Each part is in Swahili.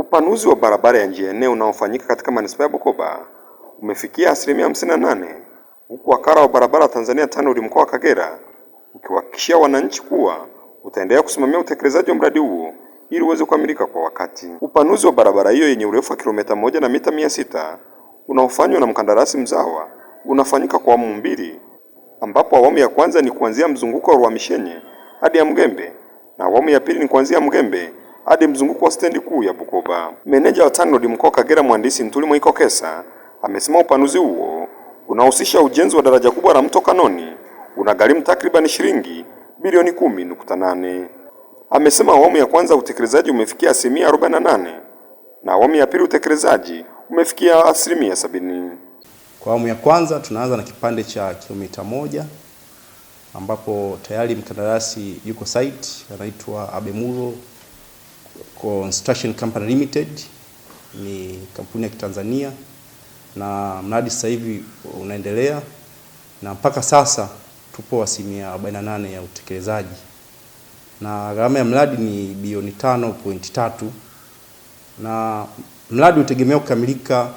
Upanuzi wa barabara ya njia nne unaofanyika katika manispaa ya Bukoba umefikia asilimia hamsini na nane huku wakala wa barabara Tanzania TANROADS mkoa wa Kagera ukiwahakikishia wananchi kuwa utaendelea kusimamia utekelezaji wa mradi huo ili uweze kukamilika kwa wakati. Upanuzi wa barabara hiyo yenye urefu wa kilomita moja na mita mia sita unaofanywa na mkandarasi mzawa unafanyika kwa awamu mbili, ambapo awamu ya kwanza ni kuanzia mzunguko wa Rwamishenye hadi ya Mgembe na awamu ya pili ni kuanzia Mgembe hadi mzunguko wa stendi kuu ya Bukoba. Meneja wa TANROADS mkoa wa Kagera, mhandisi Ntuli Mwaikokesa, amesema upanuzi huo unahusisha ujenzi wa daraja kubwa la mto Kanoni unagharimu takribani shilingi bilioni kumi nukta nane. Amesema awamu ya kwanza utekelezaji umefikia asilimia 48 na awamu ya pili utekelezaji umefikia asilimia sabini. Kwa awamu ya kwanza tunaanza na kipande cha kilomita moja ambapo tayari mkandarasi yuko site anaitwa Abemuro Construction Company Limited ni kampuni ya Kitanzania na mradi sasa hivi unaendelea na mpaka sasa tupo asilimia 48 ya utekelezaji na gharama ya mradi ni bilioni 5.3 na mradi utegemea kukamilika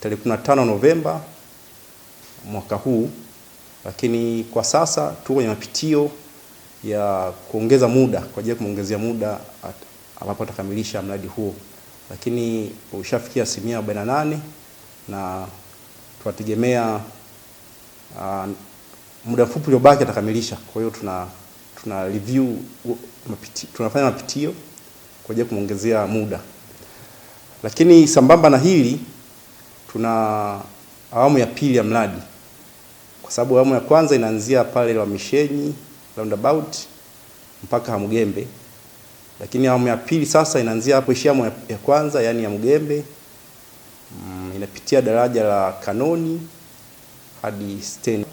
tarehe 15 Novemba mwaka huu, lakini kwa sasa tuko kwenye mapitio ya kuongeza muda kwa ajili ya kumwongezea muda ambapo atakamilisha mradi huo, lakini ushafikia asilimia arobaini na na tunategemea uh, muda mfupi uliobaki atakamilisha. Kwa hiyo tuna tuna review mapiti, tunafanya mapitio kwa ajili ya kumwongezea muda, lakini sambamba na hili tuna awamu ya pili ya mradi, kwa sababu awamu ya kwanza inaanzia pale Lwamishenyi roundabout mpaka Hamugembe. Lakini awamu ya pili sasa inaanzia hapo ishia awamu ya kwanza, yani ya Mgembe mm, inapitia daraja la Kanoni hadi stendi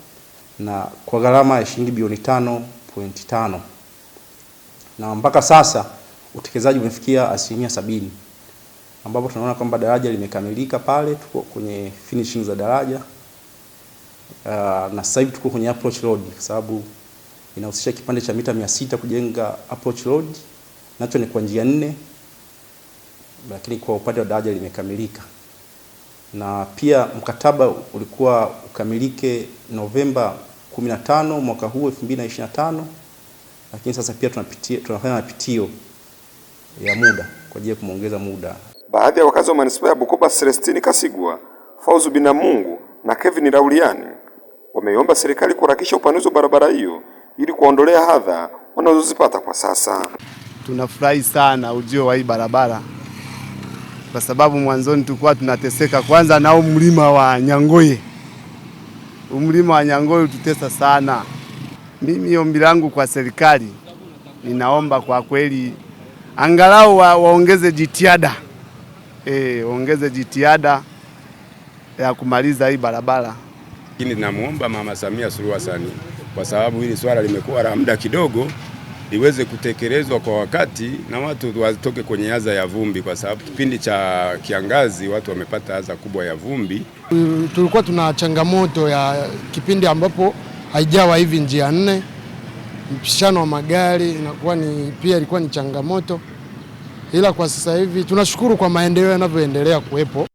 na kwa gharama ya shilingi bilioni 5.5 na mpaka sasa utekelezaji umefikia asilimia sabini ambapo tunaona kwamba daraja limekamilika pale, tuko kwenye finishing za daraja uh, na sasa hivi tuko kwenye approach road kwa sababu inahusisha kipande cha mita 600 kujenga approach road nacho ni kwa njia nne, lakini kwa upande wa daraja limekamilika, na pia mkataba ulikuwa ukamilike Novemba 15 mwaka huu 2025, lakini sasa pia tunapitia tunafanya mapitio ya muda kwa ajili ya kumwongeza muda. Baadhi ya wakazi wa manispaa ya Bukoba, Celestine Kasigwa, Fauzu Binamungu na Kevin Rauliani wameiomba serikali kuharakisha upanuzi wa barabara hiyo ili kuondolea hadha wanazozipata kwa sasa tunafurahi sana ujio wa hii barabara kwa sababu mwanzoni tulikuwa tunateseka kwanza na mlima wa Nyangoye. Umlima wa Nyangoye ututesa sana. Mimi ombi langu kwa serikali, ninaomba kwa kweli angalau wa, waongeze jitiada e, eh, waongeze jitihada ya kumaliza hii barabara. Lakini namwomba Mama Samia Suluhu Hassan kwa sababu hili swala limekuwa la muda kidogo liweze kutekelezwa kwa wakati na watu watoke kwenye adha ya vumbi, kwa sababu kipindi cha kiangazi watu wamepata adha kubwa ya vumbi. Mm, tulikuwa tuna changamoto ya kipindi ambapo haijawa hivi njia nne, mpishano wa magari inakuwa ni pia ilikuwa ni changamoto, ila kwa sasa hivi tunashukuru kwa maendeleo yanavyoendelea kuwepo.